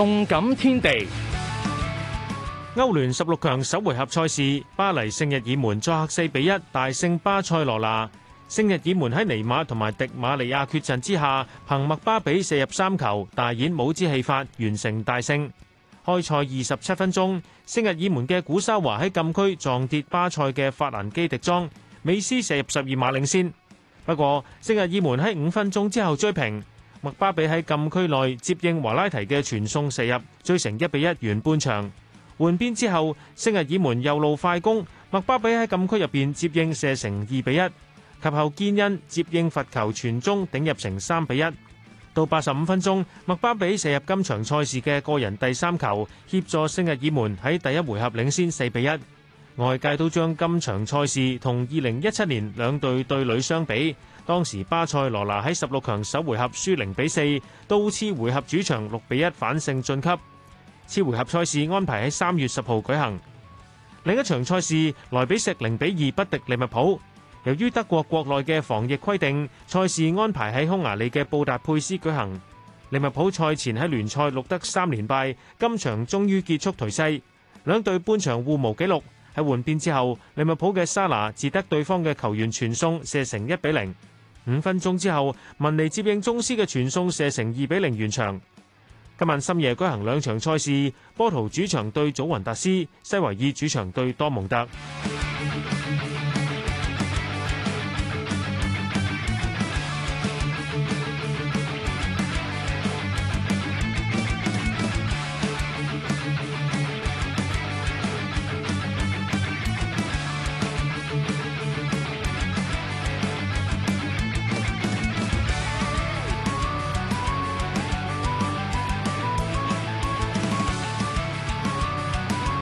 動感天地，歐聯十六強首回合賽事，巴黎聖日耳門作客四比一大勝巴塞羅那。聖日耳門喺尼馬同埋迪馬尼亞缺陣之下，憑麥巴比射入三球，大演帽子戲法，完成大勝。開賽二十七分鐘，聖日耳門嘅古沙華喺禁區撞跌巴塞嘅法蘭基迪莊，美斯射入十二碼領先。不過，聖日耳門喺五分鐘之後追平。麥巴比喺禁區內接應華拉提嘅傳送射入，追成一比一完半場。換邊之後，聖日耳門右路快攻，麥巴比喺禁區入邊接應射成二比一，及後堅恩接應罰球傳中頂入成三比一。到八十五分鐘，麥巴比射入今場賽事嘅個人第三球，協助聖日耳門喺第一回合領先四比一。外界都將今場賽事同二零一七年兩隊對壘相比，當時巴塞羅那喺十六強首回合輸零比四，4，到次回合主場六比一反勝晉級。次回合賽事安排喺三月十號舉行。另一場賽事萊比錫零比二不敵利物浦，由於德國國內嘅防疫規定，賽事安排喺匈牙利嘅布達佩斯舉行。利物浦賽前喺聯賽錄得三連敗，今場終於結束頹勢，兩隊半場互無紀錄。喺換邊之後，利物浦嘅沙拿截得對方嘅球員傳送，射成一比零。五分鐘之後，文尼接應宗斯嘅傳送，射成二比零完場。今晚深夜舉行兩場賽事，波圖主場對祖雲達斯，西維爾主場對多蒙特。